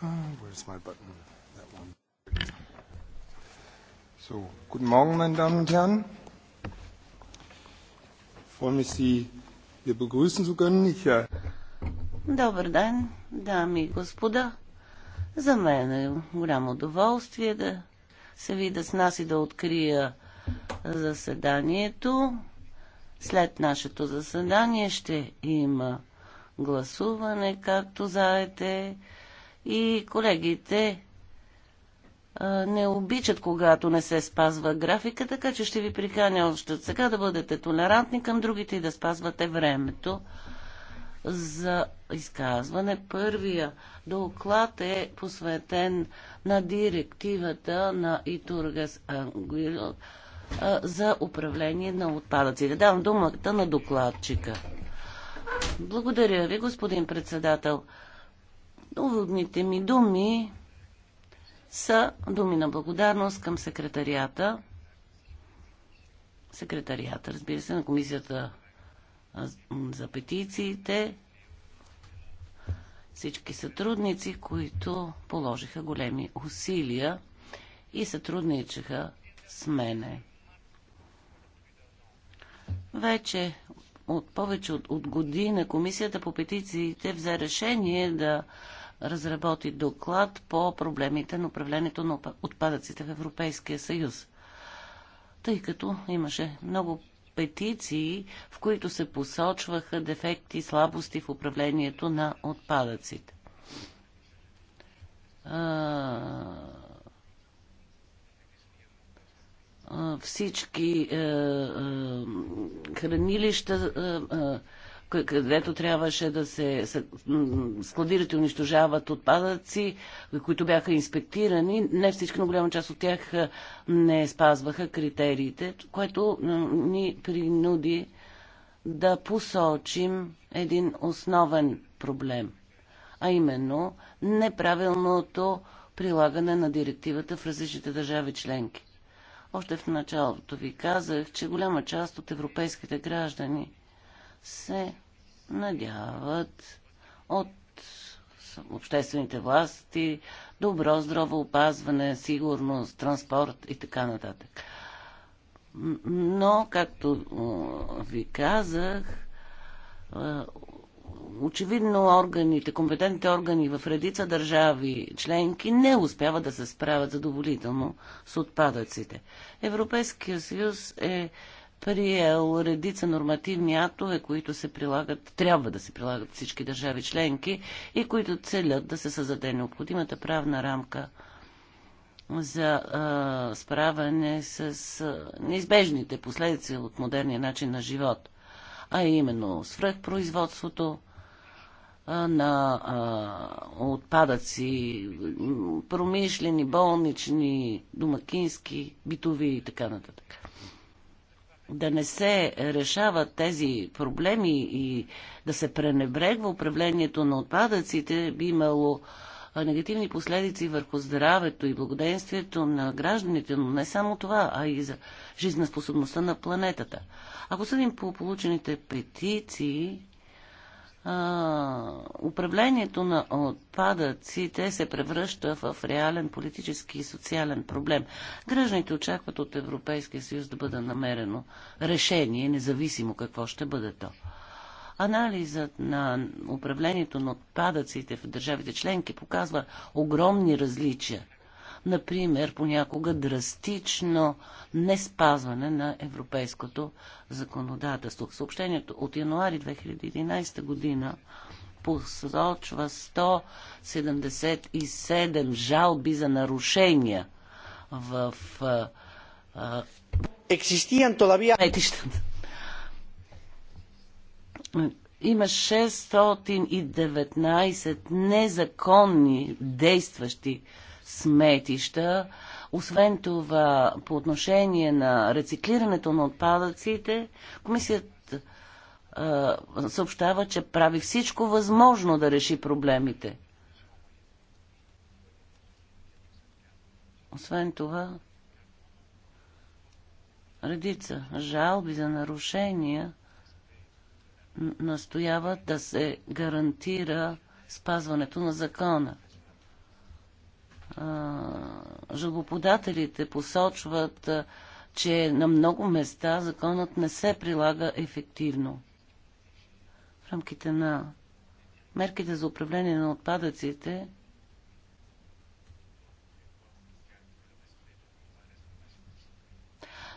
Ah, where's my button? That one. So, guten Morgen, meine Damen und Herren. Ich freue mich, Sie hier begrüßen zu können. Ich, äh Добър ден, дами и господа. За мен е голямо удоволствие да се видя с нас и да открия заседанието. След нашето заседание ще има гласуване, както заете и колегите не обичат, когато не се спазва графика, така че ще ви приканя още от сега да бъдете толерантни към другите и да спазвате времето за изказване. Първия доклад е посветен на директивата на Итургас Ангуил за управление на отпадъците. Давам думата на докладчика. Благодаря ви, господин председател. Уводните ми думи са думи на благодарност към секретарията. Секретарията, разбира се, на комисията за петициите. Всички сътрудници, които положиха големи усилия и сътрудничаха с мене. Вече от повече от, година комисията по петициите взе решение да разработи доклад по проблемите на управлението на отпадъците в Европейския съюз. Тъй като имаше много петиции, в които се посочваха дефекти и слабости в управлението на отпадъците. Всички е, е, хранилища е, където трябваше да се складират и унищожават отпадъци, които бяха инспектирани. Не всички, но голяма част от тях не спазваха критериите, което ни принуди да посочим един основен проблем, а именно неправилното прилагане на директивата в различните държави членки. Още в началото ви казах, че голяма част от европейските граждани се надяват от обществените власти, добро здраво опазване, сигурност, транспорт и така нататък. Но, както ви казах, очевидно органите, компетентните органи в редица държави членки не успяват да се справят задоволително с отпадъците. Европейския съюз е приел редица нормативни актове, които се прилагат, трябва да се прилагат всички държави членки и които целят да се създаде необходимата правна рамка за а, справяне с а, неизбежните последици от модерния начин на живот, а именно свръхпроизводството а, на а, отпадъци, промишлени, болнични, домакински, битови и така нататък да не се решават тези проблеми и да се пренебрегва управлението на отпадъците, би имало негативни последици върху здравето и благоденствието на гражданите, но не само това, а и за жизнеспособността на планетата. Ако съдим по получените петиции, а, управлението на отпадъците се превръща в реален политически и социален проблем. Гражданите очакват от Европейския съюз да бъде намерено решение, независимо какво ще бъде то. Анализът на управлението на отпадъците в държавите членки показва огромни различия – например, понякога драстично не спазване на европейското законодателство. Съобщението от януари 2011 година посочва 177 жалби за нарушения в Existían todavía... Има 619 незаконни действащи сметища. Освен това, по отношение на рециклирането на отпадъците, комисията съобщава, че прави всичко възможно да реши проблемите. Освен това, редица жалби за нарушения настояват да се гарантира спазването на закона жалбоподателите посочват, че на много места законът не се прилага ефективно. В рамките на мерките за управление на отпадъците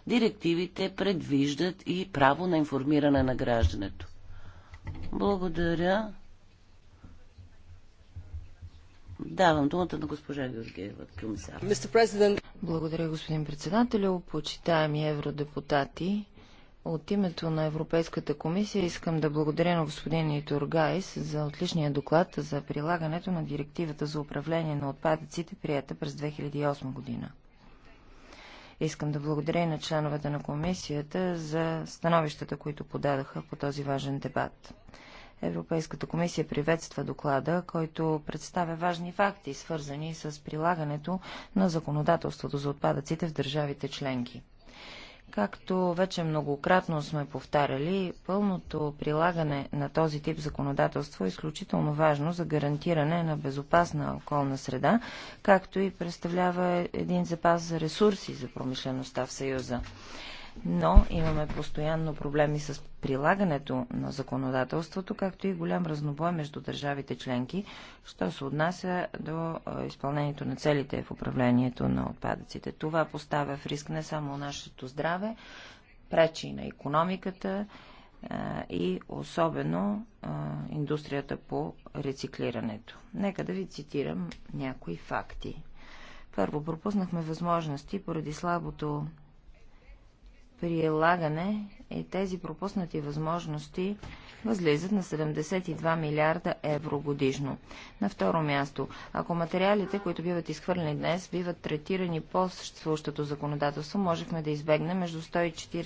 директивите предвиждат и право на информиране на граждането. Благодаря. Давам думата на госпожа Георгиева, комисар. Благодаря, господин председател, Почитаеми евродепутати, от името на Европейската комисия искам да благодаря на господин Итургайс за отличния доклад за прилагането на директивата за управление на отпадъците, прията през 2008 година. Искам да благодаря и на членовете на комисията за становищата, които подадаха по този важен дебат. Европейската комисия приветства доклада, който представя важни факти, свързани с прилагането на законодателството за отпадъците в държавите членки. Както вече многократно сме повтаряли, пълното прилагане на този тип законодателство е изключително важно за гарантиране на безопасна околна среда, както и представлява един запас за ресурси за промишлеността в Съюза но имаме постоянно проблеми с прилагането на законодателството, както и голям разнобой между държавите членки, що се отнася до изпълнението на целите в управлението на отпадъците. Това поставя в риск не само нашето здраве, пречи на економиката и особено индустрията по рециклирането. Нека да ви цитирам някои факти. Първо, пропуснахме възможности поради слабото прилагане и тези пропуснати възможности възлизат на 72 милиарда евро годишно. На второ място, ако материалите, които биват изхвърлени днес, биват третирани по съществуващото законодателство, можехме да избегнем между 146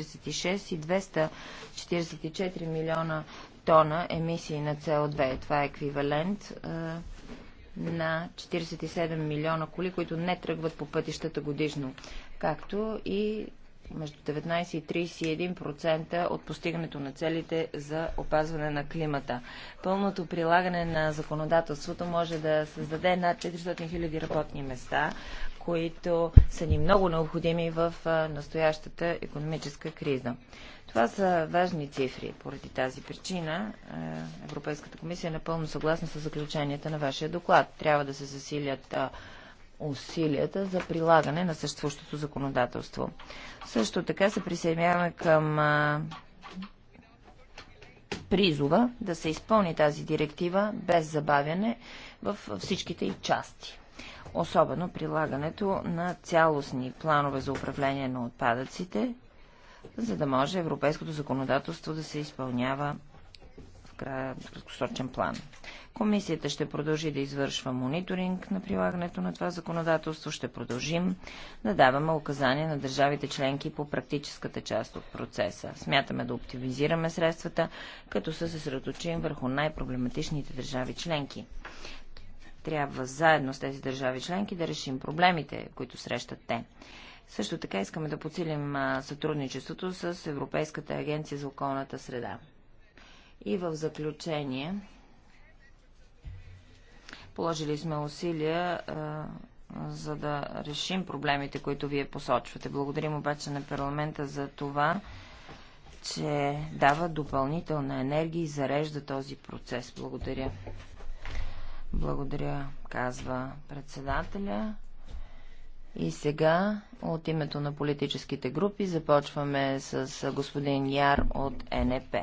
и 244 милиона тона емисии на СО2. Това е еквивалент е, на 47 милиона коли, които не тръгват по пътищата годишно, както и между 19 и 31% от постигането на целите за опазване на климата. Пълното прилагане на законодателството може да създаде над 400 000 работни места, които са ни много необходими в настоящата економическа криза. Това са важни цифри. Поради тази причина Европейската комисия е напълно съгласна с заключенията на вашия доклад. Трябва да се засилят усилията за прилагане на съществуващото законодателство. Също така се присъединяваме към а, призова да се изпълни тази директива без забавяне в всичките й части. Особено прилагането на цялостни планове за управление на отпадъците, за да може европейското законодателство да се изпълнява края краткосрочен план. Комисията ще продължи да извършва мониторинг на прилагането на това законодателство. Ще продължим да даваме указания на държавите членки по практическата част от процеса. Смятаме да оптимизираме средствата, като се съсредоточим върху най-проблематичните държави членки. Трябва заедно с тези държави членки да решим проблемите, които срещат те. Също така искаме да подсилим сътрудничеството с Европейската агенция за околната среда. И в заключение, положили сме усилия за да решим проблемите, които вие посочвате. Благодарим обаче на парламента за това, че дава допълнителна енергия и зарежда този процес. Благодаря. Благодаря, казва председателя. И сега от името на политическите групи започваме с господин Яр от НП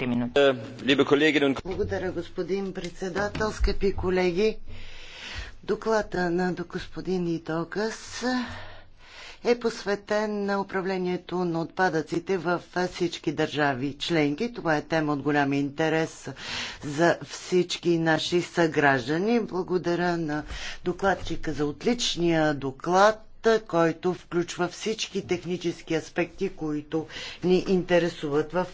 минути. Е, Благодаря, господин председател, скъпи колеги. Доклада на господин Идогас е посветен на управлението на отпадъците в всички държави членки. Това е тема от голям интерес за всички наши съграждани. Благодаря на докладчика за отличния доклад който включва всички технически аспекти, които ни интересуват. В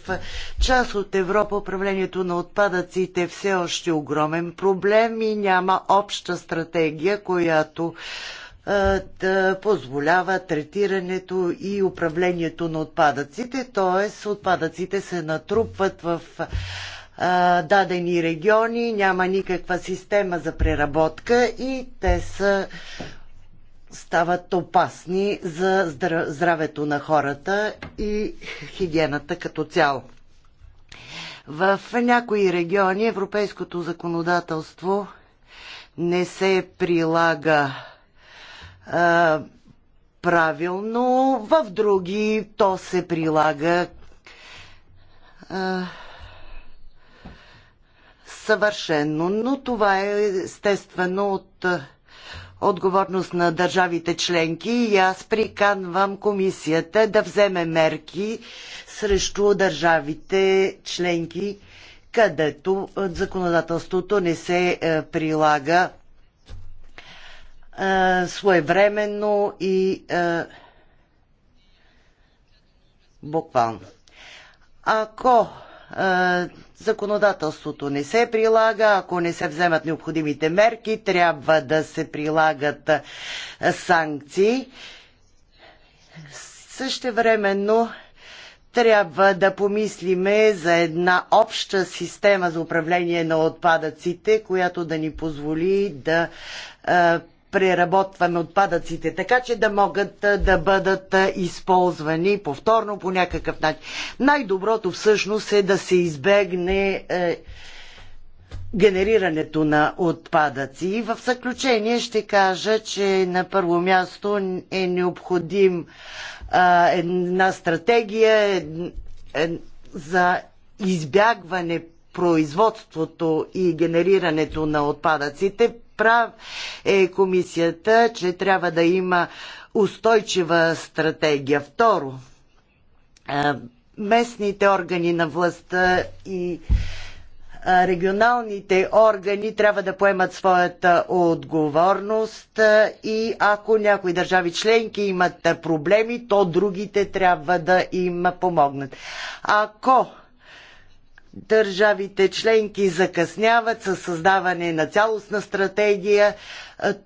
част от Европа управлението на отпадъците е все още огромен проблем и няма обща стратегия, която да позволява третирането и управлението на отпадъците, т.е. отпадъците се натрупват в дадени региони, няма никаква система за преработка и те са стават опасни за здравето на хората и хигиената като цяло. В някои региони европейското законодателство не се прилага а, правилно, в други то се прилага а, съвършенно, но това е естествено от а, отговорност на държавите членки и аз приканвам комисията да вземе мерки срещу държавите членки, където е, законодателството не се е, прилага е, своевременно и буквално. Ако Законодателството не се прилага, ако не се вземат необходимите мерки, трябва да се прилагат санкции. Същевременно трябва да помислиме за една обща система за управление на отпадъците, която да ни позволи да преработван отпадъците, така че да могат да бъдат използвани повторно по някакъв начин. Най-доброто всъщност е да се избегне е, генерирането на отпадъци. И в заключение ще кажа, че на първо място е необходим а, една стратегия е, е, за избягване производството и генерирането на отпадъците прав е комисията, че трябва да има устойчива стратегия. Второ, местните органи на властта и регионалните органи трябва да поемат своята отговорност и ако някои държави членки имат проблеми, то другите трябва да им помогнат. Ако държавите членки закъсняват със създаване на цялостна стратегия,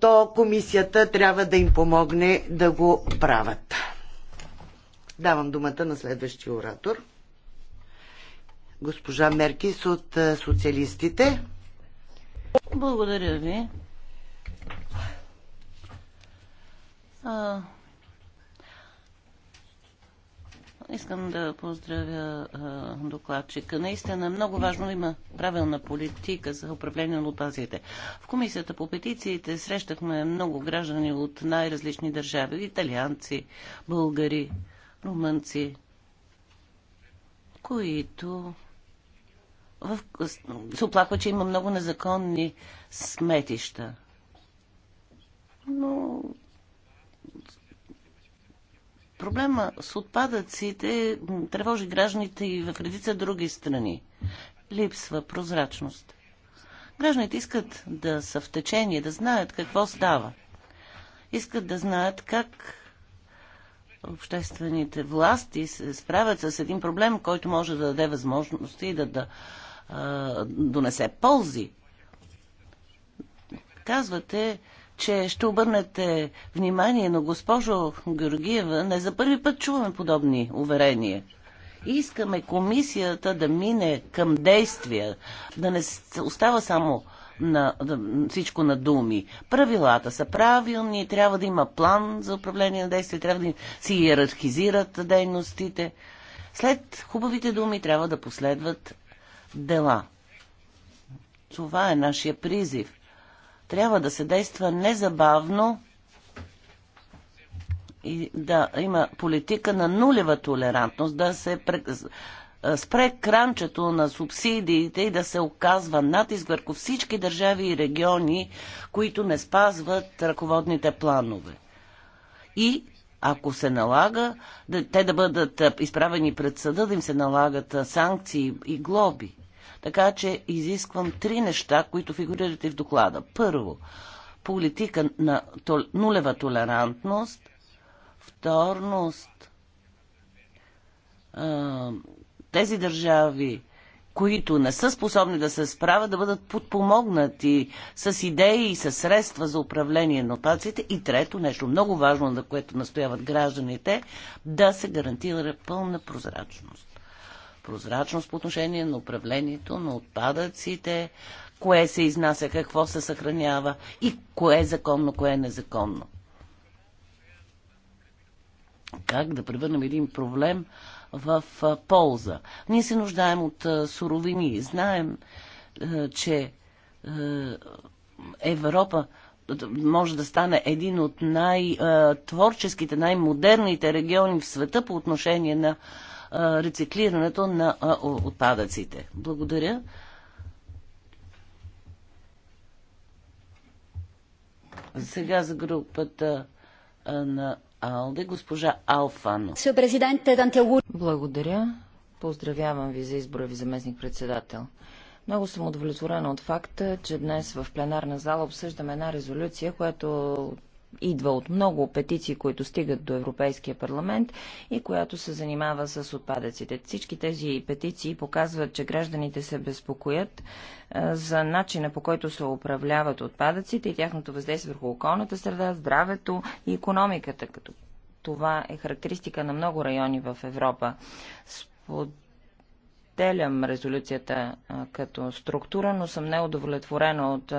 то комисията трябва да им помогне да го правят. Давам думата на следващия оратор. Госпожа Меркис от социалистите. Благодаря ви. А, Искам да поздравя а, докладчика. Наистина много важно има правилна политика за управление на опазите. В комисията по петициите срещахме много граждани от най-различни държави. Италианци, българи, румънци, които в... се оплаква, че има много незаконни сметища. Но Проблема с отпадъците тревожи гражданите и в редица други страни. Липсва прозрачност. Гражданите искат да са в течение, да знаят какво става. Искат да знаят как обществените власти се справят с един проблем, който може да даде възможности да, да а, донесе ползи. Казвате, че ще обърнете внимание, на госпожо Георгиева, не за първи път чуваме подобни уверения. Искаме комисията да мине към действия, да не остава само на, да, всичко на думи. Правилата са правилни, трябва да има план за управление на действия, трябва да си иерархизират дейностите. След хубавите думи трябва да последват дела. Това е нашия призив. Трябва да се действа незабавно и да има политика на нулева толерантност, да се спре кранчето на субсидиите и да се оказва натиск върху всички държави и региони, които не спазват ръководните планове. И ако се налага, те да бъдат изправени пред съда, да им се налагат санкции и глоби. Така че изисквам три неща, които фигурират и в доклада. Първо, политика на тол... нулева толерантност. Вторност, тези държави, които не са способни да се справят, да бъдат подпомогнати с идеи и с средства за управление на отпадците. И трето, нещо много важно, на което настояват гражданите, да се гарантира пълна прозрачност прозрачност по отношение на управлението на отпадъците, кое се изнася, какво се съхранява и кое е законно, кое е незаконно. Как да превърнем един проблем в полза? Ние се нуждаем от суровини. Знаем, че Европа може да стане един от най-творческите, най-модерните региони в света по отношение на рециклирането на отпадъците. Благодаря. Сега за групата на Алде, госпожа Алфано. Благодаря. Поздравявам ви за избора ви заместник-председател. Много съм удовлетворена от факта, че днес в пленарна зала обсъждаме една резолюция, която идва от много петиции, които стигат до Европейския парламент и която се занимава с отпадъците. Всички тези петиции показват, че гражданите се безпокоят за начина по който се управляват отпадъците и тяхното въздействие върху околната среда, здравето и економиката, като това е характеристика на много райони в Европа. Под споделям резолюцията като структура, но съм неудовлетворена от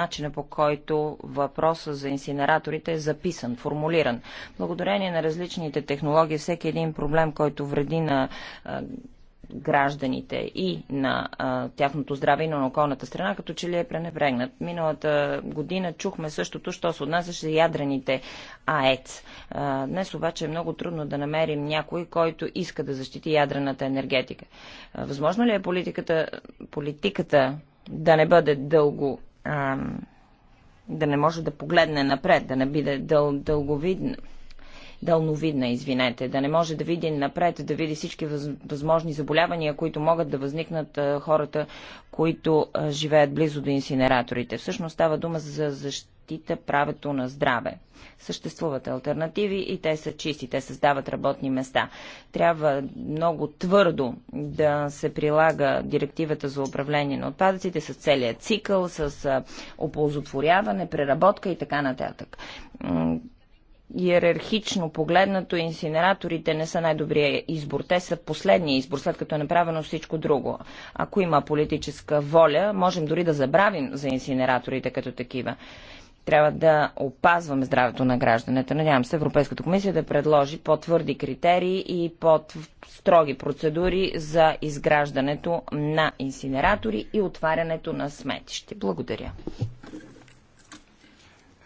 начина по който въпросът за инсинераторите е записан, формулиран. Благодарение на различните технологии, всеки един проблем, който вреди на гражданите и на а, тяхното здраве и на околната страна, като че ли е пренебрегнат. Миналата година чухме същото, що се отнасяше за ядрените АЕЦ. А, днес обаче е много трудно да намерим някой, който иска да защити ядрената енергетика. А, възможно ли е политиката, политиката да не бъде дълго. А, да не може да погледне напред, да не биде дъл, дълговидна? дълновидна, извинете, да не може да види напред, да види всички възможни заболявания, които могат да възникнат хората, които живеят близо до инсинераторите. Всъщност става дума за защита правето на здраве. Съществуват альтернативи и те са чисти, те създават работни места. Трябва много твърдо да се прилага директивата за управление на отпадъците с целият цикъл, с оползотворяване, преработка и така нататък иерархично погледнато, инсинераторите не са най-добрия избор. Те са последния избор, след като е направено всичко друго. Ако има политическа воля, можем дори да забравим за инсинераторите като такива. Трябва да опазваме здравето на гражданите. Надявам се Европейската комисия да предложи по-твърди критерии и по-строги процедури за изграждането на инсинератори и отварянето на сметище. Благодаря.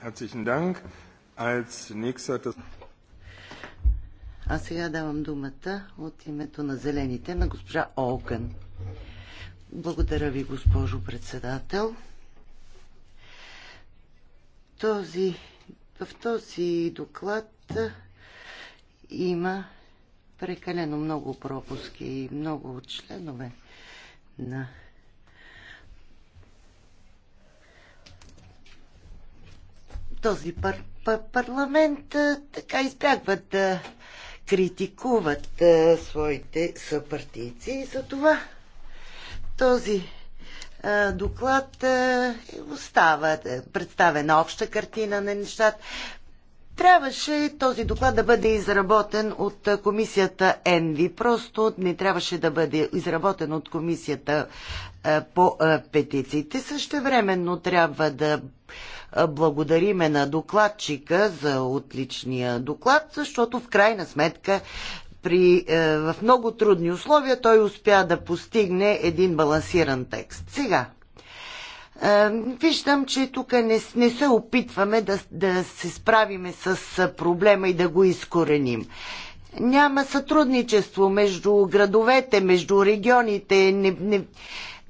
Herzlichen Dank. А сега давам думата от името на Зелените на госпожа Олкън. Благодаря ви, госпожо председател. Този, в този доклад има прекалено много пропуски и много членове на този пар, парламент така избягват да критикуват а, своите съпартийци. И за това този а, доклад а, остава е, представена обща картина на нещата. Трябваше този доклад да бъде изработен от комисията ЕНВИ. Просто не трябваше да бъде изработен от комисията по петициите. Също времено трябва да благодариме на докладчика за отличния доклад, защото в крайна сметка при, е, в много трудни условия той успя да постигне един балансиран текст. Сега, е, виждам, че тук не, не се опитваме да, да се справиме с проблема и да го изкореним. Няма сътрудничество между градовете, между регионите. Не, не,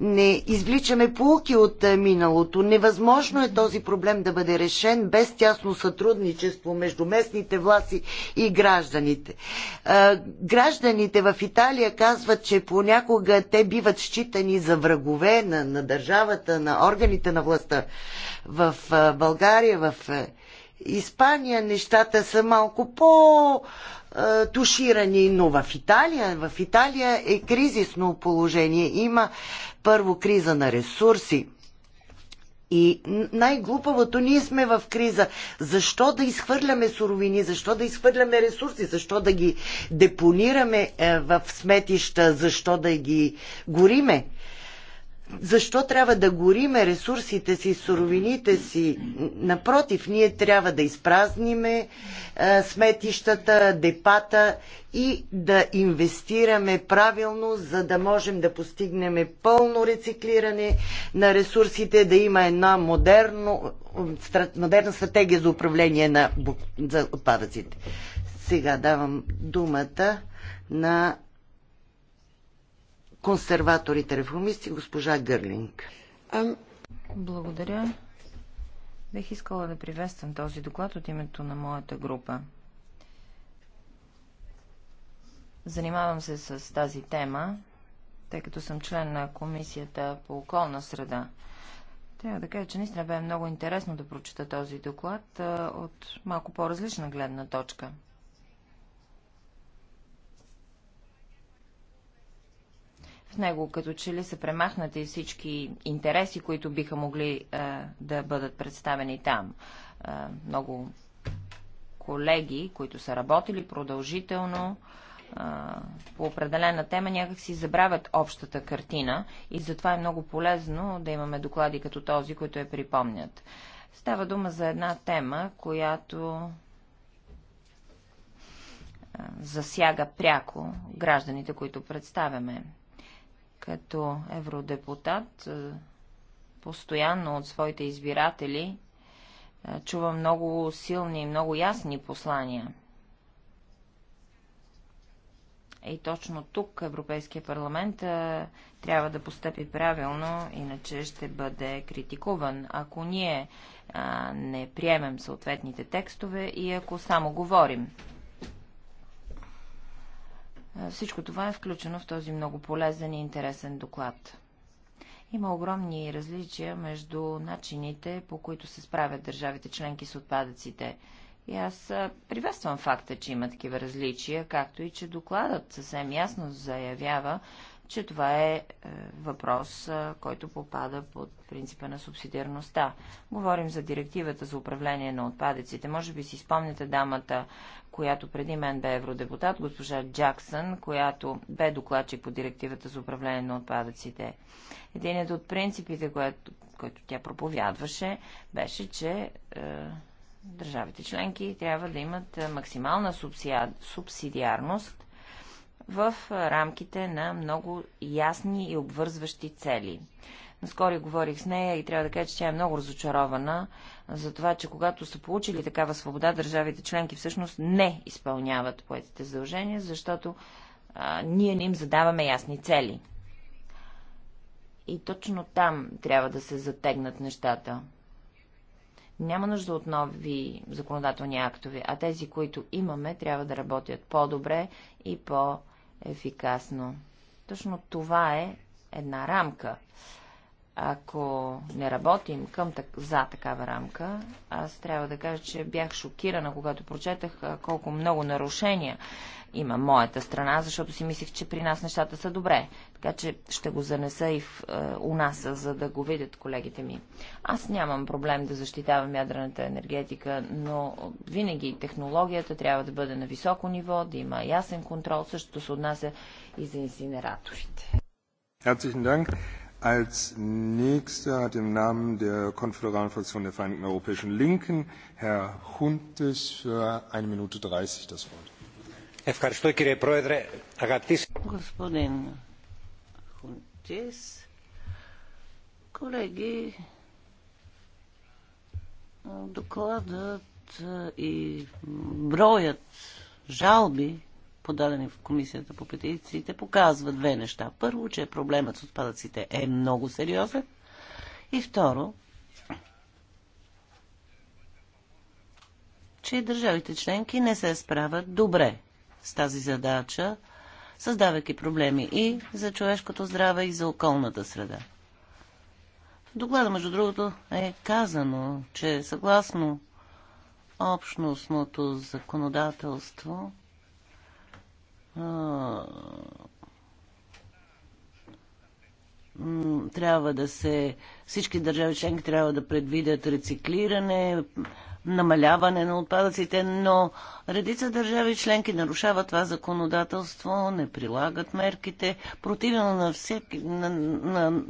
не извличаме полуки от е, миналото. Невъзможно е този проблем да бъде решен без тясно сътрудничество между местните власти и гражданите. Е, гражданите в Италия казват, че понякога те биват считани за врагове на, на държавата, на органите на властта. В е, България, в Испания нещата са малко по- туширани, но в Италия, в Италия е кризисно положение. Има първо криза на ресурси, и най-глупавото, ние сме в криза. Защо да изхвърляме суровини? Защо да изхвърляме ресурси? Защо да ги депонираме е, в сметища? Защо да ги гориме? защо трябва да гориме ресурсите си, суровините си? Напротив, ние трябва да изпразниме а, сметищата, депата и да инвестираме правилно, за да можем да постигнем пълно рециклиране на ресурсите, да има една модерно, модерна стратегия за управление на за отпадъците. Сега давам думата на консерваторите реформисти, госпожа Гърлинг. Благодаря. Бих искала да приветствам този доклад от името на моята група. Занимавам се с тази тема, тъй като съм член на Комисията по околна среда. Трябва да кажа, че наистина бе много интересно да прочета този доклад от малко по-различна гледна точка. В него като че ли са премахнати всички интереси, които биха могли а, е, да бъдат представени там. А, е, много колеги, които са работили продължително а, е, по определена тема, някак си забравят общата картина и затова е много полезно да имаме доклади като този, които я припомнят. Става дума за една тема, която засяга пряко гражданите, които представяме като евродепутат е, постоянно от своите избиратели е, чува много силни и много ясни послания. И точно тук Европейския парламент е, трябва да постъпи правилно, иначе ще бъде критикуван, ако ние а, не приемем съответните текстове и ако само говорим. Всичко това е включено в този много полезен и интересен доклад. Има огромни различия между начините, по които се справят държавите членки с отпадъците. И аз приветствам факта, че има такива различия, както и че докладът съвсем ясно заявява, че това е, е въпрос, е, който попада под принципа на субсидиарността. Говорим за директивата за управление на отпадъците. Може би си спомняте дамата, която преди мен бе евродепутат, госпожа Джаксън, която бе докладчик по директивата за управление на отпадъците. Единият от принципите, което, който тя проповядваше, беше, че е, държавите членки трябва да имат е, максимална субсидиарност в рамките на много ясни и обвързващи цели. Наскоро говорих с нея и трябва да кажа, че тя е много разочарована за това, че когато са получили такава свобода, държавите членки всъщност не изпълняват поетите задължения, защото а, ние не им задаваме ясни цели. И точно там трябва да се затегнат нещата. Няма нужда от нови законодателни актове, а тези, които имаме, трябва да работят по-добре и по-добре ефикасно. Точно това е една рамка ако не работим към, за такава рамка, аз трябва да кажа, че бях шокирана, когато прочетах колко много нарушения има моята страна, защото си мислих, че при нас нещата са добре. Така че ще го занеса и в, е, у нас, за да го видят колегите ми. Аз нямам проблем да защитавам ядрената енергетика, но винаги технологията трябва да бъде на високо ниво, да има ясен контрол. Същото се отнася и за инсинераторите. Herzlichen Dank. Als nächster hat im Namen der konföderalen Fraktion der Vereinigten Europäischen Linken Herr Huntis für eine Minute dreißig das Wort. Господин Хунтис, колеги, докладът и броят жалби подадени в комисията по петициите, показва две неща. Първо, че проблемът с отпадъците е много сериозен. И второ, че държавите членки не се справят добре с тази задача, създавайки проблеми и за човешкото здраве, и за околната среда. В доклада, между другото, е казано, че съгласно общностното законодателство, трябва да се. Всички държави членки трябва да предвидят рециклиране, намаляване на отпадъците, но редица държави членки нарушават това законодателство, не прилагат мерките, противно на, всеки, на, на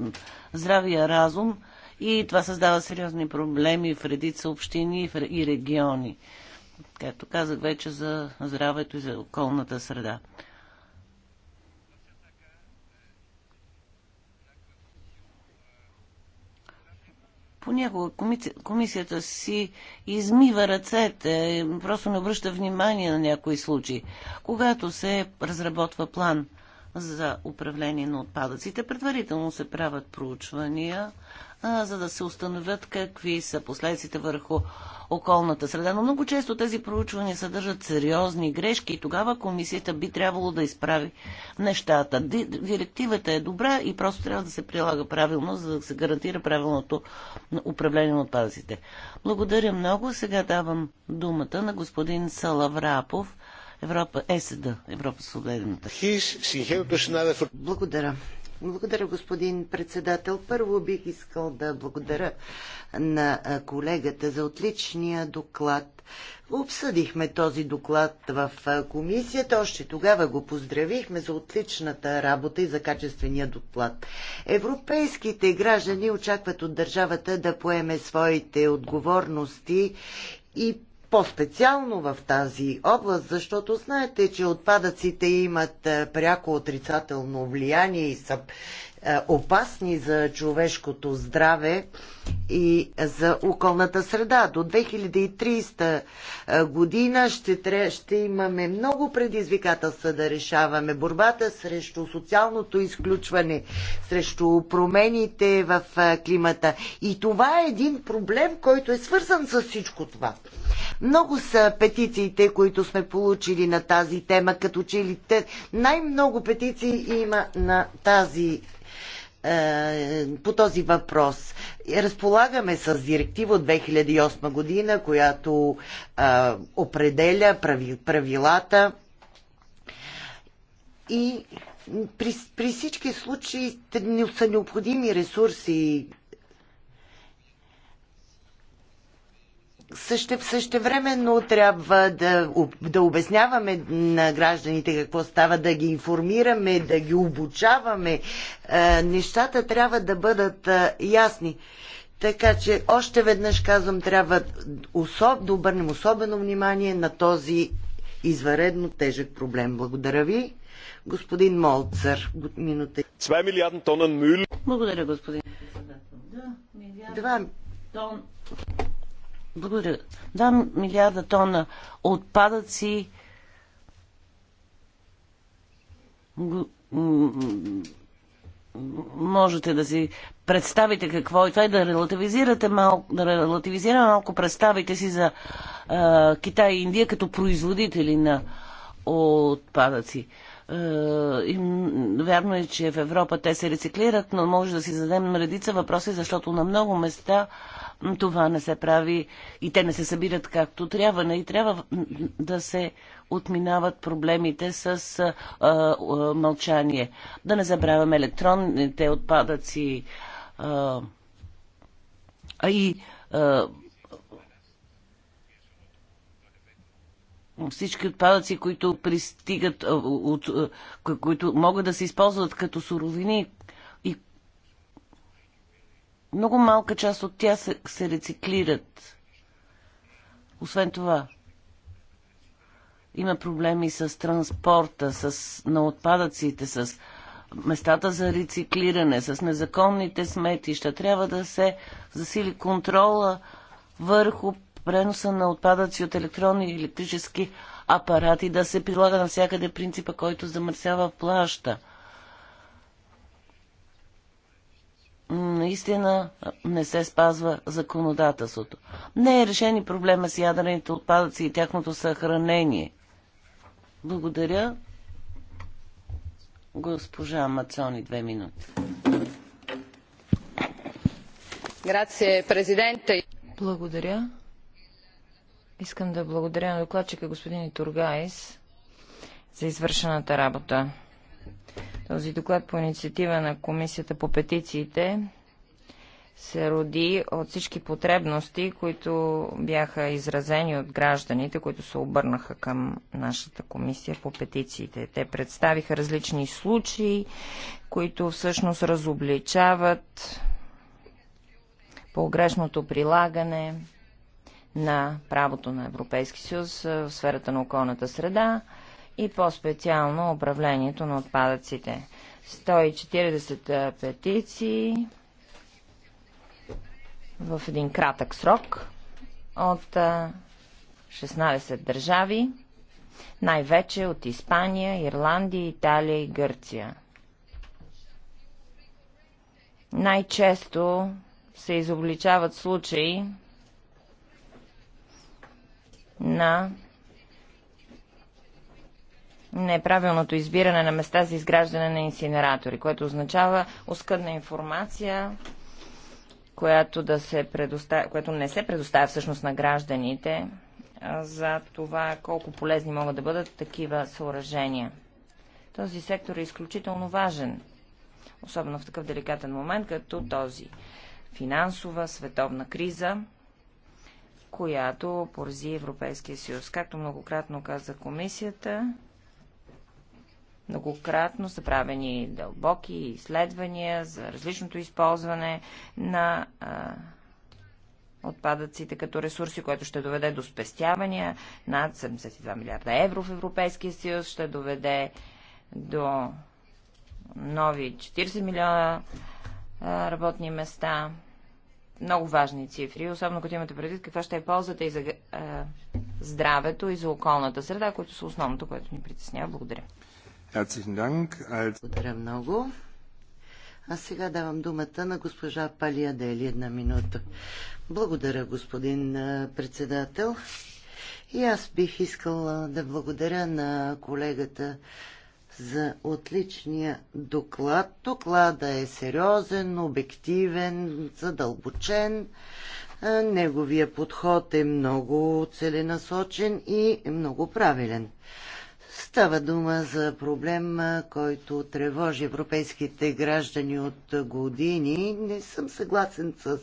здравия разум и това създава сериозни проблеми в редица общини и региони както казах вече, за здравето и за околната среда. понякога комисията си измива ръцете, просто не обръща внимание на някои случаи. Когато се разработва план за управление на отпадъците, предварително се правят проучвания, а, за да се установят какви са последиците върху околната среда. Но много често тези проучвания съдържат сериозни грешки и тогава комисията би трябвало да изправи нещата. Директивата е добра и просто трябва да се прилага правилно, за да се гарантира правилното управление на отпадъците. Благодаря много. Сега давам думата на господин Салаврапов, Европа, ЕСД, Европа Свободената. Благодаря. Благодаря, господин председател. Първо бих искал да благодаря на колегата за отличния доклад. Обсъдихме този доклад в комисията. Още тогава го поздравихме за отличната работа и за качествения доклад. Европейските граждани очакват от държавата да поеме своите отговорности и по-специално в тази област, защото знаете, че отпадъците имат пряко отрицателно влияние и са, е, опасни за човешкото здраве и за околната среда. До 2300 е, година ще, ще имаме много предизвикателства да решаваме. Борбата срещу социалното изключване, срещу промените в е, климата. И това е един проблем, който е свързан с всичко това. Много са петициите, които сме получили на тази тема, като че ли най-много петиции има на тази е, по този въпрос. Разполагаме с директива от 2008 година, която а, е, определя правилата и при, при всички случаи са необходими ресурси също, същевременно трябва да, да обясняваме на гражданите какво става, да ги информираме, да ги обучаваме. Е, нещата трябва да бъдат е, ясни. Така че още веднъж казвам, трябва особ, да обърнем особено внимание на този изваредно тежък проблем. Благодаря ви. Господин Молцър, минута. 2 милиарда тона мюл. Благодаря, господин председател. милиарда тон благодаря. Да, милиарда тона отпадъци можете да си представите какво е това и е да релативизирате малко, да релативизираме малко представите си за а, Китай и Индия като производители на отпадъци. Е, вярно е, че в Европа те се рециклират, но може да си зададем редица въпроси, защото на много места това не се прави и те не се събират както трябва. Не и трябва да се отминават проблемите с а, е, а, е, мълчание. Да не забравяме електронните отпадъци а, а и а, всички отпадъци, които пристигат, от, които могат да се използват като суровини и много малка част от тях се, се рециклират. Освен това, има проблеми с транспорта, с, на отпадъците, с местата за рециклиране, с незаконните сметища. Трябва да се засили контрола върху преноса на отпадъци от електронни и електрически апарати да се прилага навсякъде принципа, който замърсява плаща. Наистина не се спазва законодателството. Не е решен и проблема с ядрените отпадъци и тяхното съхранение. Благодаря. Госпожа Мацони, две минути. Благодаря. Искам да благодаря на докладчика господин Тургайс за извършената работа. Този доклад по инициатива на Комисията по петициите се роди от всички потребности, които бяха изразени от гражданите, които се обърнаха към нашата комисия по петициите. Те представиха различни случаи, които всъщност разобличават погрешното прилагане на правото на Европейски съюз е, в сферата на околната среда и по-специално управлението на отпадъците. 140 е, петиции в един кратък срок от 16 е, държави, най-вече от Испания, Ирландия, Италия и Гърция. Най-често се изобличават случаи на неправилното избиране на места за изграждане на инсинератори, което означава оскъдна информация, която, да се предоставя, която не се предоставя всъщност на гражданите за това колко полезни могат да бъдат такива съоръжения. Този сектор е изключително важен, особено в такъв деликатен момент, като този финансова световна криза – която порази Европейския съюз. Както многократно каза комисията, многократно са правени дълбоки изследвания за различното използване на а, отпадъците като ресурси, което ще доведе до спестявания над 72 милиарда евро в Европейския съюз, ще доведе до нови 40 милиона работни места много важни цифри, особено като имате предвид каква ще е ползата и за е, здравето и за околната среда, които са основното, което ни притеснява. Благодаря. Благодаря много. А сега давам думата на госпожа Палия Дели една минута. Благодаря, господин е, председател. И аз бих искала да благодаря на колегата за отличния доклад. Доклада е сериозен, обективен, задълбочен. Неговия подход е много целенасочен и много правилен. Става дума за проблем, който тревожи европейските граждани от години. Не съм съгласен с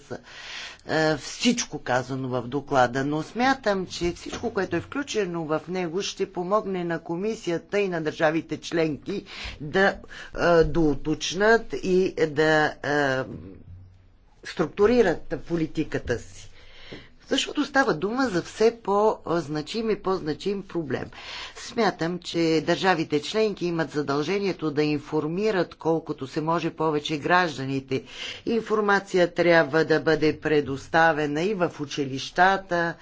всичко казано в доклада, но смятам, че всичко, което е включено в него, ще помогне на комисията и на държавите членки да доуточнат и да структурират политиката си защото става дума за все по-значим и по-значим проблем. Смятам, че държавите членки имат задължението да информират колкото се може повече гражданите. Информация трябва да бъде предоставена и в училищата,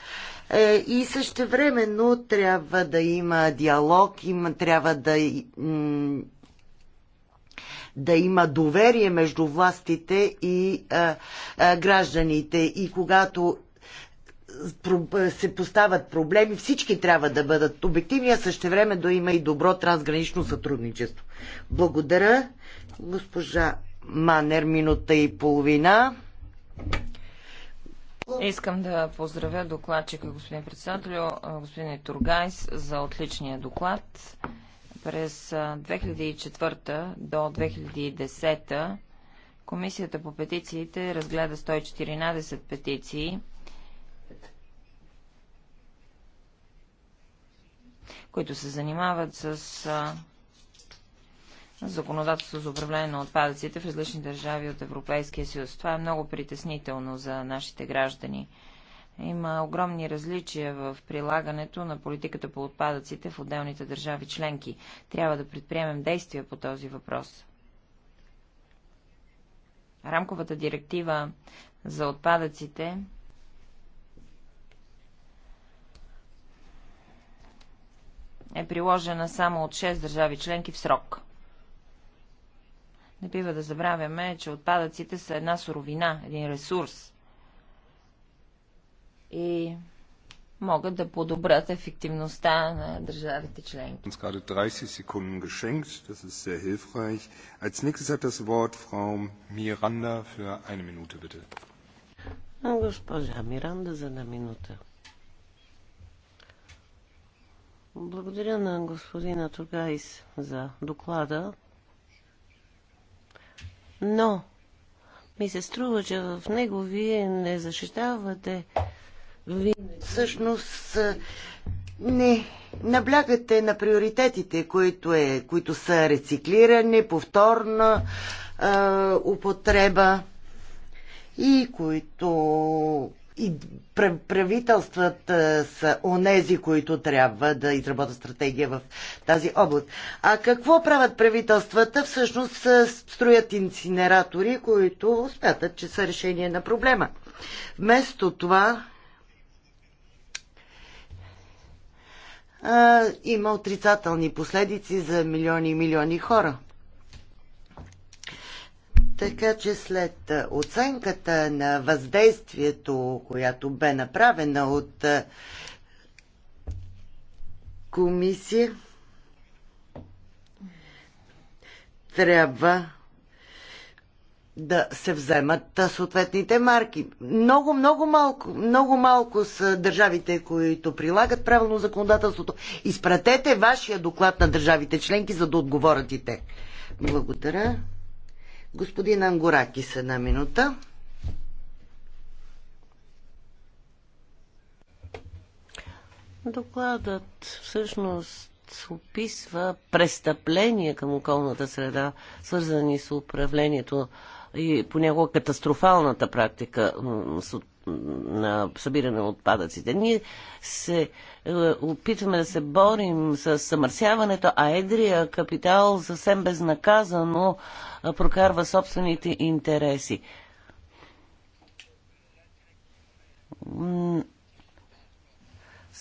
е, и същевременно трябва да има диалог, има, трябва да, да има доверие между властите и а, а, гражданите. И когато е, се поставят проблеми, всички трябва да бъдат обективни, а също време да има и добро трансгранично сътрудничество. Благодаря, госпожа Манер, минута и половина. Искам да поздравя докладчика, господин председател, господин Тургайс, за отличния доклад. През 2004 до 2010 Комисията по петициите разгледа 114 петиции които се занимават с законодателство за управление на отпадъците в различни държави от Европейския съюз. Това е много притеснително за нашите граждани. Има огромни различия в прилагането на политиката по отпадъците в отделните държави членки. Трябва да предприемем действия по този въпрос. Рамковата директива за отпадъците е приложена само от 6 държави членки в срок. Не бива да забравяме, че отпадъците са една суровина, един ресурс и могат да подобрят ефективността на държавите членки. Gerade 30 Sekunden geschenkt, das ist sehr hilfreich. Als nächstes hat das Wort Frau Miranda für eine Minute bitte. Госпожа Миранда за една минута. Благодаря на господина Тургайс за доклада, но ми се струва, че в него вие не защитавате вие всъщност не наблягате на приоритетите, които, е, които са рециклиране, повторна е, употреба и които и правителствата са онези, които трябва да изработят стратегия в тази област. А какво правят правителствата? Всъщност строят инсинератори, които смятат, че са решение на проблема. Вместо това а, има отрицателни последици за милиони и милиони хора. Така че след оценката на въздействието, която бе направена от комисия, трябва да се вземат съответните марки. Много, много малко, много малко са държавите, които прилагат правилно законодателството. Изпратете вашия доклад на държавите членки, за да отговорят и те. Благодаря. Господин Ангоракис, една минута. Докладът всъщност описва престъпления към околната среда, свързани с управлението и понякога катастрофалната практика с на събиране на отпадъците. Ние се е, опитваме да се борим с съмърсяването, а едрия капитал съвсем безнаказано е, прокарва собствените интереси.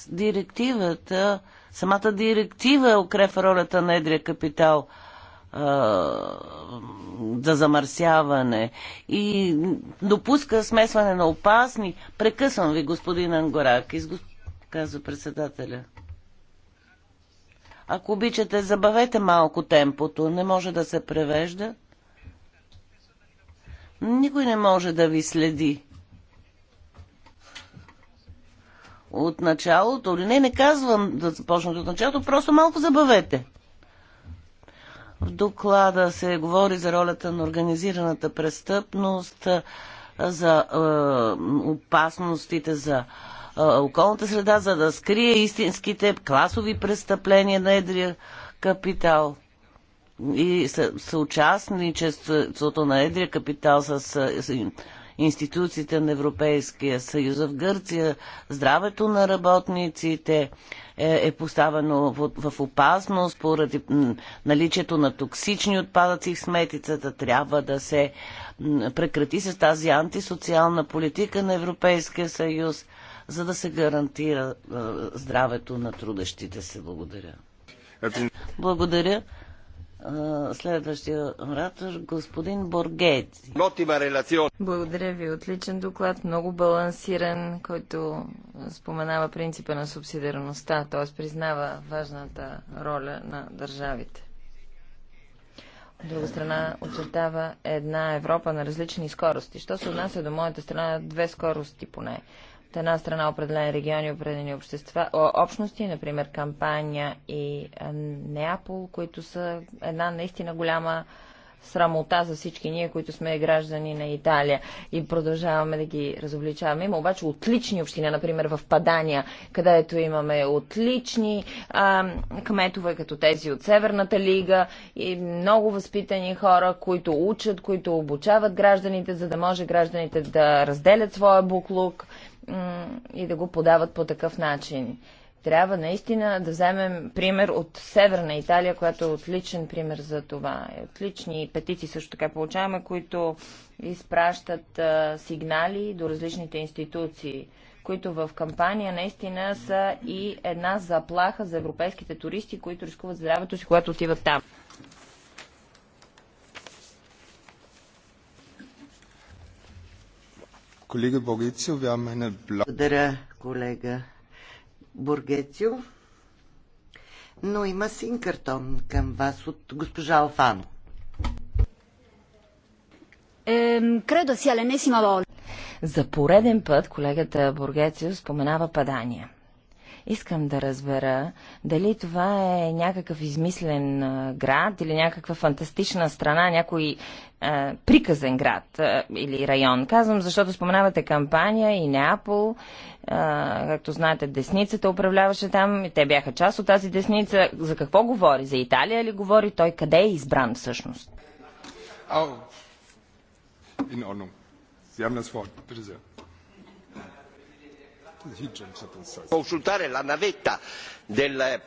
Директивата, самата директива укрепва ролята на едрия капитал – за замърсяване и допуска смесване на опасни. Прекъсвам ви, господин Ангорак, изго... казва председателя. Ако обичате, забавете малко темпото. Не може да се превежда. Никой не може да ви следи. От началото, не, не казвам да започнат от началото, просто малко забавете. В доклада се говори за ролята на организираната престъпност, за е, опасностите за е, околната среда, за да скрие истинските класови престъпления на едрия капитал и съучастничеството на едрия капитал с институциите на Европейския съюз. В Гърция здравето на работниците е, е поставено в опасност поради наличието на токсични отпадъци в сметицата. Трябва да се прекрати с тази антисоциална политика на Европейския съюз, за да се гарантира здравето на трудещите се. Благодаря. Благодаря следващия оратор, господин Боргейци. Благодаря ви. Отличен доклад, много балансиран, който споменава принципа на субсидиарността, т.е. признава важната роля на държавите. От друга страна очертава една Европа на различни скорости. Що се отнася до моята страна, две скорости поне. От една страна определени региони, определени общества, общности, например Кампания и Неапол, които са една наистина голяма срамота за всички ние, които сме граждани на Италия и продължаваме да ги разобличаваме. Има обаче отлични общини, например в Падания, където имаме отлични а, кметове, като тези от Северната лига и много възпитани хора, които учат, които обучават гражданите, за да може гражданите да разделят своя буклук и да го подават по такъв начин. Трябва наистина да вземем пример от Северна Италия, която е отличен пример за това. Е, отлични петиции също така получаваме, които изпращат сигнали до различните институции които в кампания наистина са и една заплаха за европейските туристи, които рискуват здравето си, когато отиват там. Благодаря, колега Бургецио. Но има син картон към вас от госпожа Алфано. За пореден път колегата Бургецио споменава падания. Искам да разбера дали това е някакъв измислен град или някаква фантастична страна, някой а, приказен град а, или район. Казвам, защото споменавате кампания и Неапол. А, както знаете, десницата управляваше там и те бяха част от тази десница. За какво говори? За Италия ли говори? Той къде е избран всъщност? Ау. In Ordnung. Sie haben das Wort. Bitte sehr consultare la navetta del е,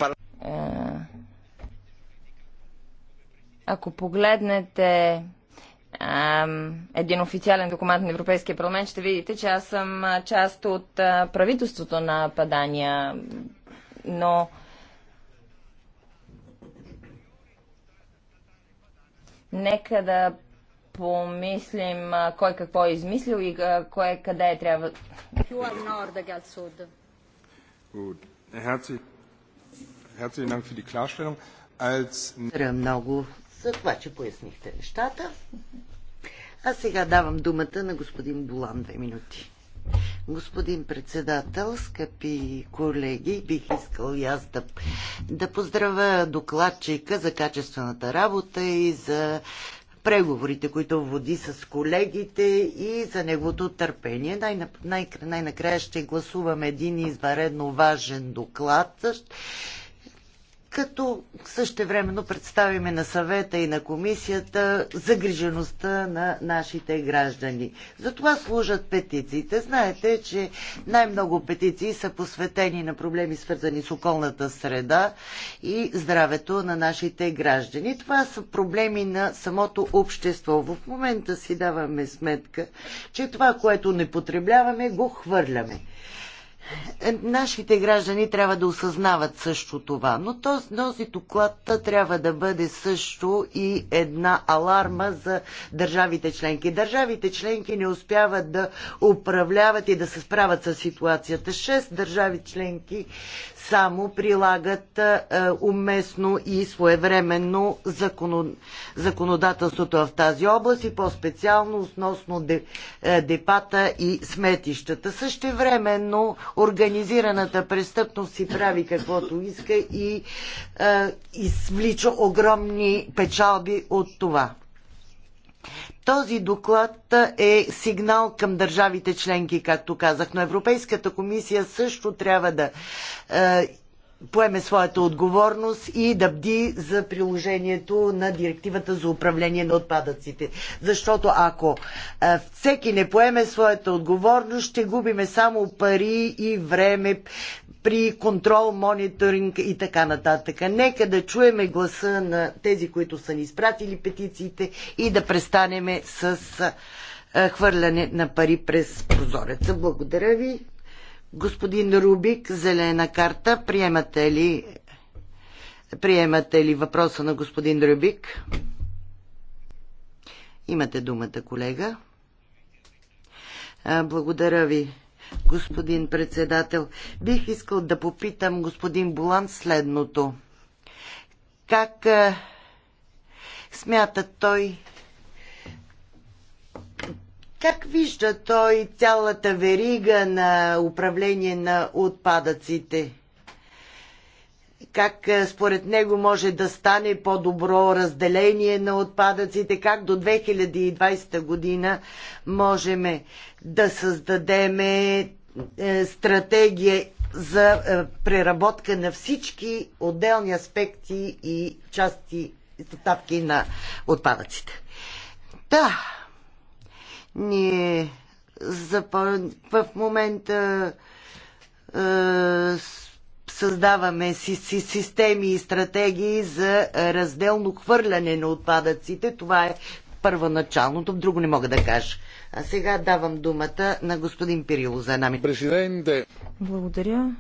Ако погледнете един официален документ на Европейския парламент, ще видите, че аз съм част от правителството на Падания, но нека да помислим а, кой какво е измислил и а, кое къде е трябва. Благодаря много за това, че пояснихте нещата. А сега давам думата на господин Булан, две минути. Господин председател, скъпи колеги, бих искал и аз да, да поздравя докладчика за качествената работа и за преговорите, които води с колегите и за неговото търпение. Най-накрая най- най- ще гласуваме един изваредно важен доклад като същевременно представиме на съвета и на комисията загрижеността на нашите граждани. За това служат петициите. Знаете, че най-много петиции са посветени на проблеми свързани с околната среда и здравето на нашите граждани. Това са проблеми на самото общество. В момента си даваме сметка, че това, което не потребляваме, го хвърляме. Нашите граждани трябва да осъзнават също това, но този, този доклад трябва да бъде също и една аларма за държавите членки. Държавите членки не успяват да управляват и да се справят с ситуацията. Шест държави членки само прилагат уместно и своевременно закон... законодателството в тази област и по-специално относно депата и сметищата. Същевременно организираната престъпност си прави каквото иска и извлича огромни печалби от това. Този доклад е сигнал към държавите членки, както казах, но Европейската комисия също трябва да е, поеме своята отговорност и да бди за приложението на директивата за управление на отпадъците. Защото ако е, всеки не поеме своята отговорност, ще губиме само пари и време при контрол, мониторинг и така нататък. Нека да чуеме гласа на тези, които са ни изпратили петициите и да престанеме с хвърляне на пари през прозореца. Благодаря ви. Господин Рубик, зелена карта, приемате ли, приемате ли въпроса на господин Рубик? Имате думата, колега. Благодаря ви господин председател. Бих искал да попитам господин Болан следното. Как е, смята той как вижда той цялата верига на управление на отпадъците? как е, според него може да стане по-добро разделение на отпадъците, как до 2020 година можем да създадем е, е, стратегия за преработка на всички отделни аспекти и части и доставки на отпадъците. Да, ние в момента е, създаваме си, си, системи и стратегии за е, разделно хвърляне на отпадъците. Това е първоначалното, друго не мога да кажа. А сега давам думата на господин Пирило за една Президенте! Благодаря.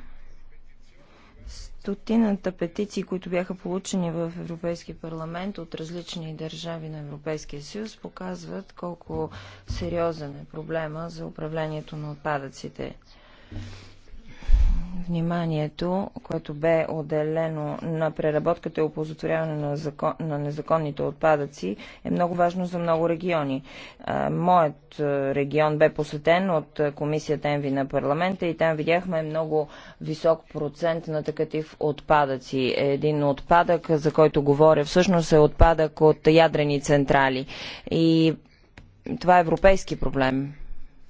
Стотината петиции, които бяха получени в Европейския парламент от различни държави на Европейския съюз, показват колко сериозен е проблема за управлението на отпадъците вниманието, което бе отделено на преработката и опозотворяване на, закон, на незаконните отпадъци, е много важно за много региони. Моят регион бе посетен от комисията ЕНВИ на парламента и там видяхме много висок процент на такъв отпадъци. Един отпадък, за който говоря, всъщност е отпадък от ядрени централи. И това е европейски проблем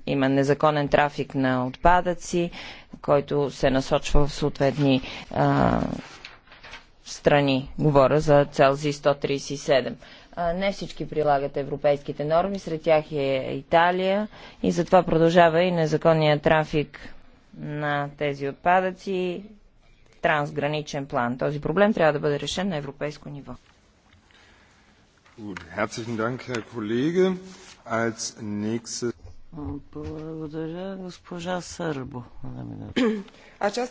има незаконен трафик на отпадъци, който се насочва в съответни а, страни. Говоря за целзи 137. А, не всички прилагат европейските норми, сред тях е Италия и затова продължава и незаконния трафик на тези отпадъци в трансграничен план. Този проблем трябва да бъде решен на европейско ниво. Herzlichen Dank, Herr Kollege. Als nächstes благодаря, госпожа Сърбо.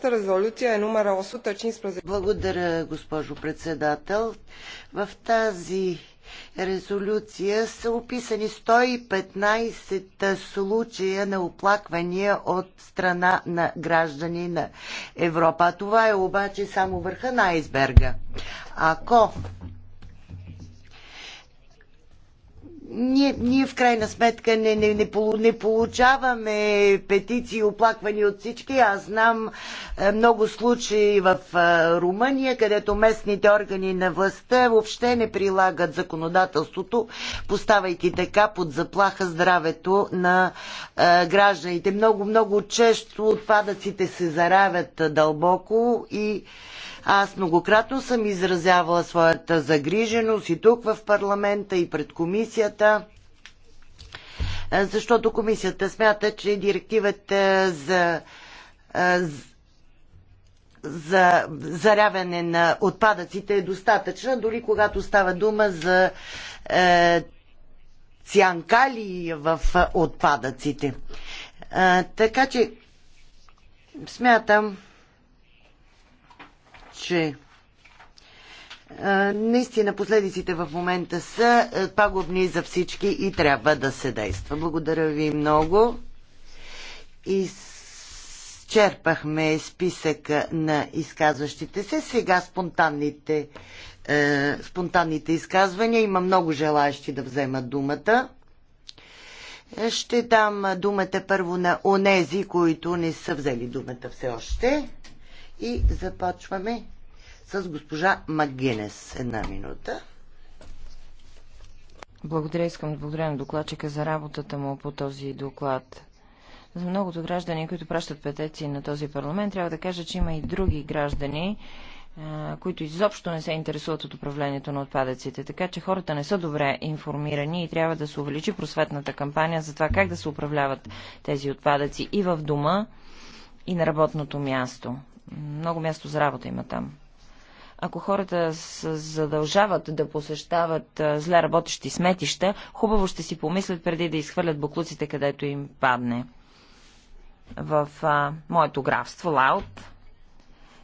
резолюция е номера 115... Благодаря, госпожо председател. В тази резолюция са описани 115 случая на оплаквания от страна на граждани на Европа. това е обаче само върха на айсберга. Ако ние, ние в крайна сметка не, не, не, не получаваме петиции, оплаквания от всички. Аз знам е, много случаи в е, Румъния, където местните органи на властта въобще не прилагат законодателството, поставайки така под заплаха здравето на е, гражданите. Много, много често отпадъците се заравят дълбоко и аз многократно съм изразявала своята загриженост и тук в парламента, и пред комисията, защото комисията смята, че директивата за, за заряване на отпадъците е достатъчна, дори когато става дума за е, в отпадъците. Е, така че смятам, че е, наистина последиците в момента са е, пагубни за всички и трябва да се действа. Благодаря ви много. И изчерпахме списъка на изказващите се. Сега спонтанните, а, е, спонтанните изказвания. Има много желаящи да вземат думата. Ще дам думата първо на онези, които не са взели думата все още. И започваме с госпожа Магинес. Една минута. Благодаря, искам да благодаря на докладчика за работата му по този доклад. За многото граждани, които пращат петеции на този парламент, трябва да кажа, че има и други граждани, които изобщо не се интересуват от управлението на отпадъците. Така че хората не са добре информирани и трябва да се увеличи просветната кампания за това как да се управляват тези отпадъци и в дома, и на работното място. Много място за работа има там. Ако хората се задължават да посещават зле работещи сметища, хубаво ще си помислят преди да изхвърлят буклуците, където им падне. В а, моето графство Лаут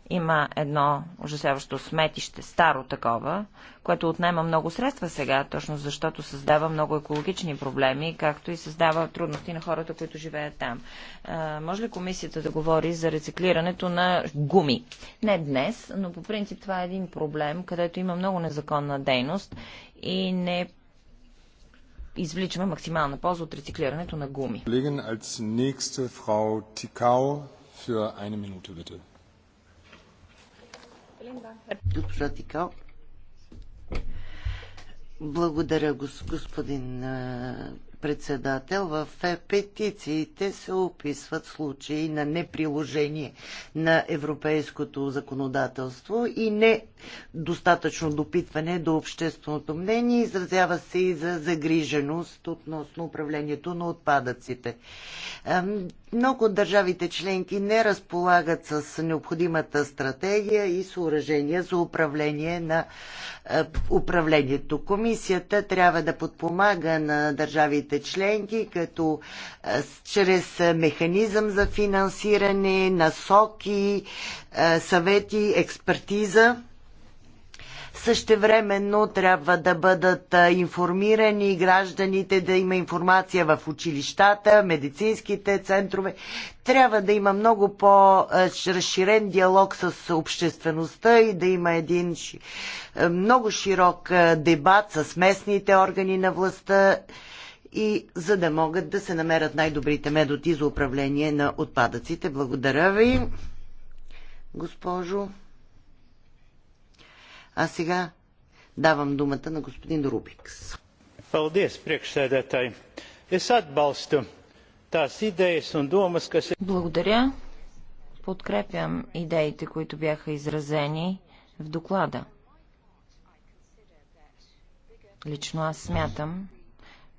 има едно ужасяващо сметище, старо такова, което отнема много средства сега, точно защото създава много екологични проблеми, както и създава трудности на хората, които живеят там. А, може ли комисията да говори за рециклирането на гуми? Не днес, но по принцип това е един проблем, където има много незаконна дейност и не извличаме максимална полза от рециклирането на гуми. als nächste Тикао für eine минута, bitte. Госпожа Тикал. Благодаря, господин председател, в е, петициите се описват случаи на неприложение на европейското законодателство и не достатъчно допитване до общественото мнение. Изразява се и за загриженост относно управлението на отпадъците. Много от държавите членки не разполагат с необходимата стратегия и съоръжения за управление на е, управлението. Комисията трябва да подпомага на държавите държавите членки, като чрез механизъм за финансиране, насоки, съвети, експертиза. Същевременно трябва да бъдат информирани гражданите, да има информация в училищата, медицинските центрове. Трябва да има много по-разширен диалог с обществеността и да има един много широк дебат с местните органи на властта и за да могат да се намерят най-добрите методи за управление на отпадъците. Благодаря ви, госпожо. А сега давам думата на господин Рубикс. Благодаря. Подкрепям идеите, които бяха изразени в доклада. Лично аз смятам,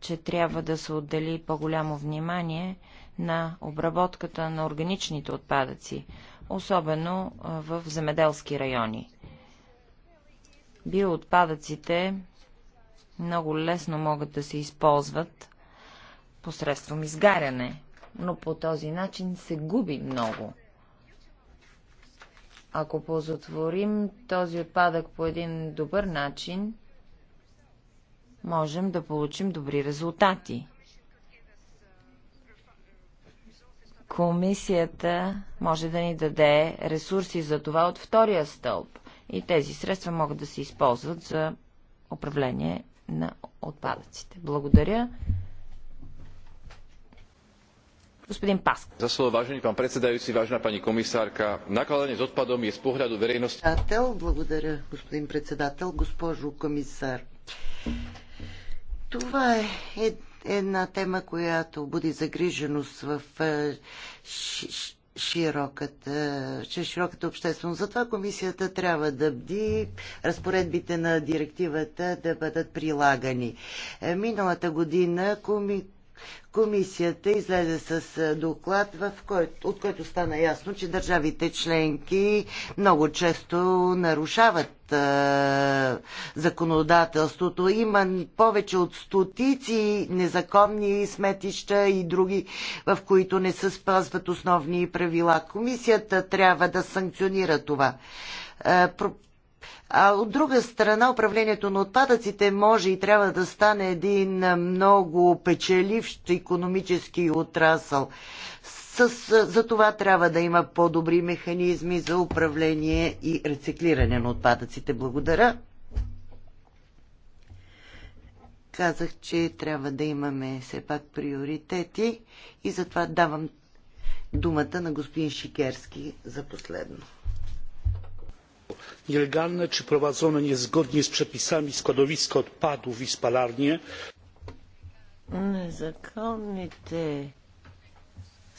че трябва да се отдели по-голямо внимание на обработката на органичните отпадъци, особено в земеделски райони. Биоотпадъците много лесно могат да се използват посредством изгаряне, но по този начин се губи много. Ако позатворим този отпадък по един добър начин, можем да получим добри резултати. Комисията може да ни даде ресурси за това от втория стълб и тези средства могат да се използват за управление на отпадъците. Благодаря. Господин Паск. За slovo, vážený pán predsedajúci, vážená pani komisárka. Nakladanie s odpadom je z pohľadu verejnosti... Благодаря, господин председател, госпожо комисар. Това е една тема, която буди загриженост в е, широката, широката общественост. Затова комисията трябва да бди разпоредбите на директивата да бъдат прилагани. Е, миналата година Комисията излезе с доклад, в който, от който стана ясно, че държавите членки много често нарушават законодателството. Има повече от стотици незаконни сметища и други, в които не се спазват основни правила. Комисията трябва да санкционира това. А от друга страна, управлението на отпадъците може и трябва да стане един много печеливщ економически отрасъл. С, за това трябва да има по-добри механизми за управление и рециклиране на отпадъците. Благодаря. Казах, че трябва да имаме все пак приоритети и затова давам думата на господин Шикерски за последно nielegalne czy prowadzone niezgodnie z przepisami składowiska odpadów i spalarnie Незаконните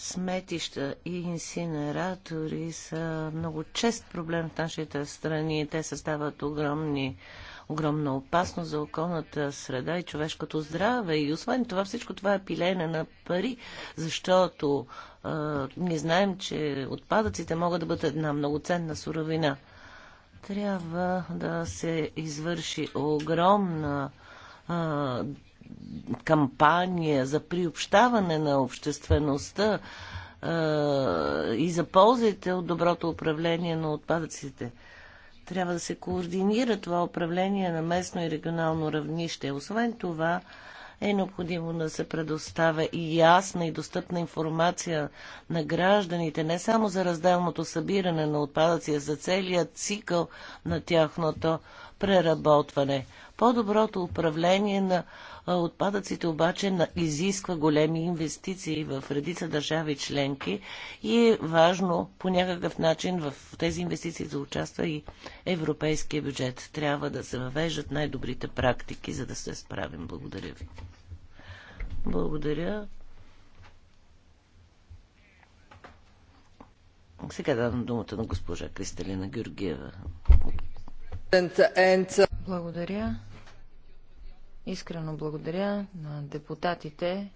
сметища и инсинератори са много чест проблем в нашите страни. Те създават огромни, огромна опасност за околната среда и човешкото здраве. И освен това, всичко това е пилене на пари, защото е, не знаем, че отпадъците могат да бъдат една много ценна суровина трябва да се извърши огромна а, кампания за приобщаване на обществеността а, и за ползите от доброто управление на отпадъците. Трябва да се координира това управление на местно и регионално равнище. Освен това, е необходимо да се предоставя и ясна и достъпна информация на гражданите, не само за разделното събиране на отпадъци, а за целият цикъл на тяхното преработване. По-доброто управление на отпадъците обаче изисква големи инвестиции в редица държави членки и е важно по някакъв начин в тези инвестиции да участва и европейския бюджет. Трябва да се въвеждат най-добрите практики, за да се справим. Благодаря ви. Благодаря. Сега давам думата на госпожа Кристалина Георгиева от благодаря. Искрено благодаря на депутатите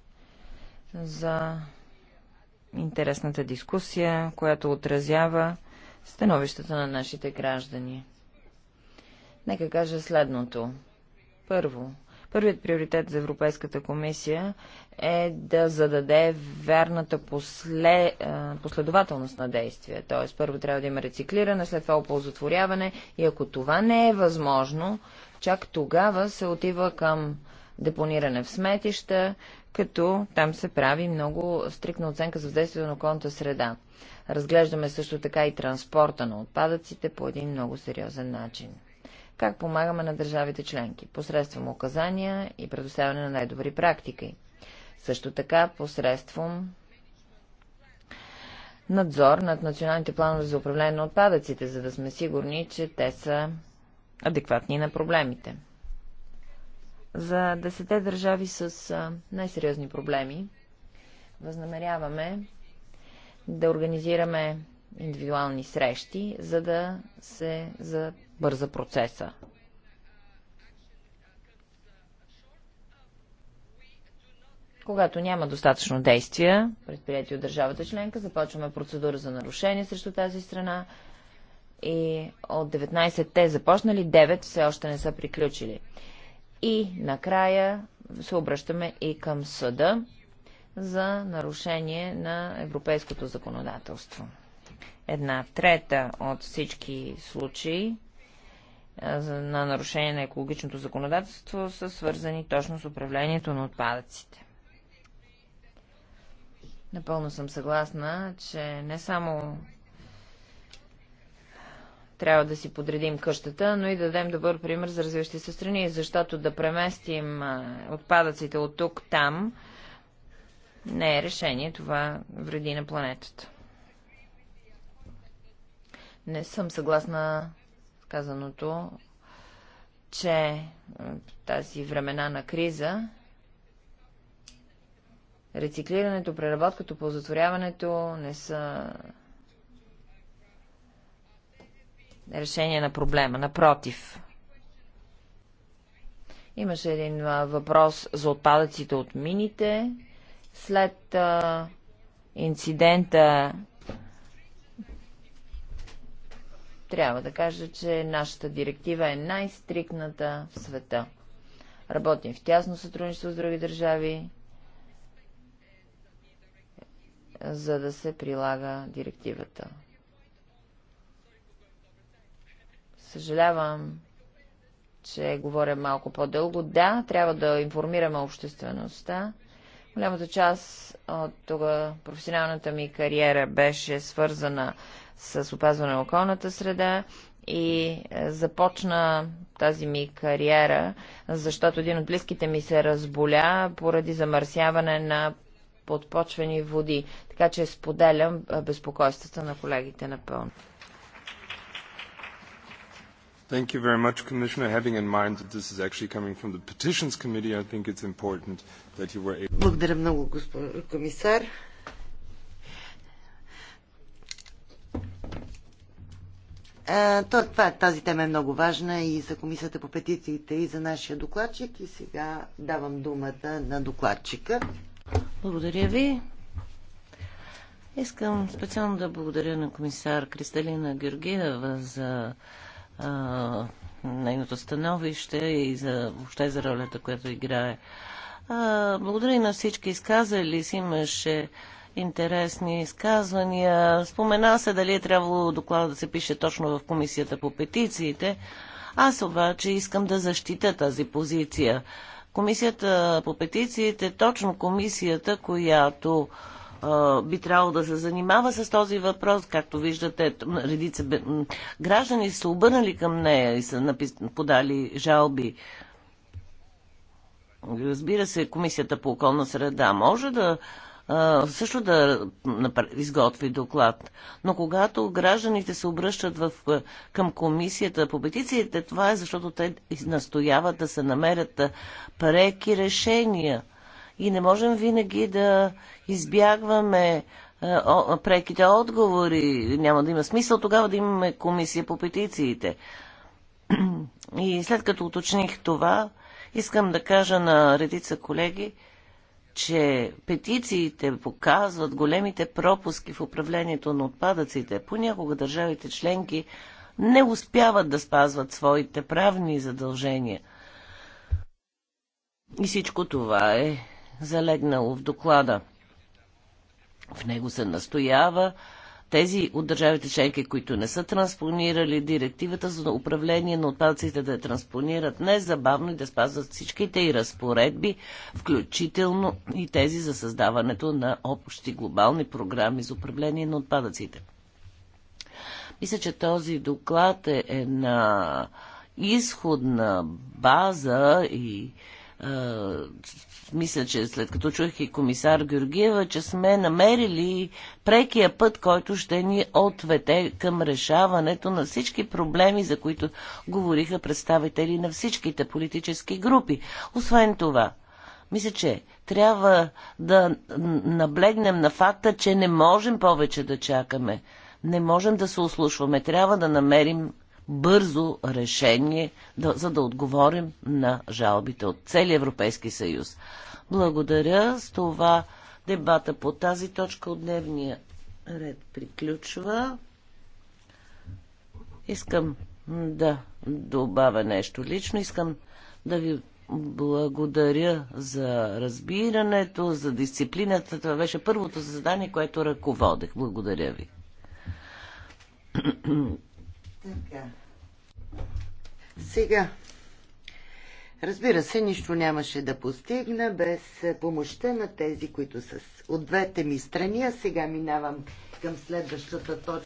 за интересната дискусия, която отразява становищата на нашите граждани. Нека кажа следното. Първо, Първият приоритет за Европейската комисия е да зададе вярната после, последователност на действия. Т.е. първо трябва да има рециклиране, след това оползотворяване и ако това не е възможно, чак тогава се отива към депониране в сметища, като там се прави много стрикна оценка за въздействието на околната среда. Разглеждаме също така и транспорта на отпадъците по един много сериозен начин. Как помагаме на държавите членки? Посредством указания и предоставяне на най-добри практики. Също така посредством надзор над националните планове за управление на отпадъците, за да сме сигурни, че те са адекватни на проблемите. За десете държави с най-сериозни проблеми възнамеряваме да организираме индивидуални срещи, за да се за бърза процеса. Когато няма достатъчно действия, предприяти от държавата членка, започваме процедура за нарушение срещу тази страна и от 19 те започнали, 9 все още не са приключили. И накрая се обръщаме и към съда за нарушение на европейското законодателство. Една трета от всички случаи на нарушение на екологичното законодателство са свързани точно с управлението на отпадъците. Напълно съм съгласна, че не само трябва да си подредим къщата, но и да дадем добър пример за развиващи се страни, защото да преместим отпадъците от тук там не е решение, това вреди на планетата. Не съм съгласна казаното, че тази времена на криза рециклирането, преработката, ползотворяването не са решение на проблема. Напротив, имаше един въпрос за отпадъците от мините. След а, инцидента Трябва да кажа, че нашата директива е най-стрикната в света. Работим в тясно сътрудничество с други държави, за да се прилага директивата. Съжалявам, че говоря малко по-дълго. Да, трябва да информираме обществеността Голямата част от тога професионалната ми кариера беше свързана с опазване на околната среда и е, започна тази ми кариера, защото един от близките ми се разболя поради замърсяване на подпочвени води. Така че споделям е, безпокойствата на колегите напълно. Thank you very much, Commissioner. Having in mind that this is actually coming from the Petitions Committee, I think it's important that you were able... Благодаря много, господин комисар. това, тази тема е много важна и за Комисията по петициите, и за нашия докладчик. И сега давам думата на докладчика. Благодаря ви. Искам специално да благодаря на комисар Кристалина Георгиева за а, нейното становище и за, въобще за ролята, която играе. А, благодаря и на всички изказали. Си имаше интересни изказвания. Спомена се дали е трябвало доклада да се пише точно в комисията по петициите. Аз обаче искам да защита тази позиция. Комисията по петициите е точно комисията, която би трябвало да се занимава с този въпрос. Както виждате, редица граждани са обърнали към нея и са подали жалби. Разбира се, Комисията по околна среда може да също да изготви доклад. Но когато гражданите се обръщат в, към комисията по петициите, това е защото те настояват да се намерят преки решения и не можем винаги да избягваме преките отговори. Няма да има смисъл тогава да имаме комисия по петициите. И след като уточних това, искам да кажа на редица колеги, че петициите показват големите пропуски в управлението на отпадъците. Понякога държавите членки не успяват да спазват своите правни задължения. И всичко това е залегнало в доклада. В него се настоява тези от държавите членки, които не са транспонирали директивата за управление на отпадъците да я транспонират незабавно и да спазват всичките и разпоредби, включително и тези за създаването на общи глобални програми за управление на отпадъците. Мисля, че този доклад е на изходна база и мисля, че след като чух и комисар Георгиева, че сме намерили прекия път, който ще ни ответе към решаването на всички проблеми, за които говориха представители на всичките политически групи. Освен това, мисля, че трябва да наблегнем на факта, че не можем повече да чакаме. Не можем да се ослушваме. Трябва да намерим бързо решение, да, за да отговорим на жалбите от целия Европейски съюз. Благодаря. С това дебата по тази точка от дневния ред приключва. Искам да добавя нещо лично. Искам да ви благодаря за разбирането, за дисциплината. Това беше първото задание, което ръководех. Благодаря ви. Така. Сега, разбира се, нищо нямаше да постигна без помощта на тези, които са от двете ми страни. А сега минавам към следващата точка.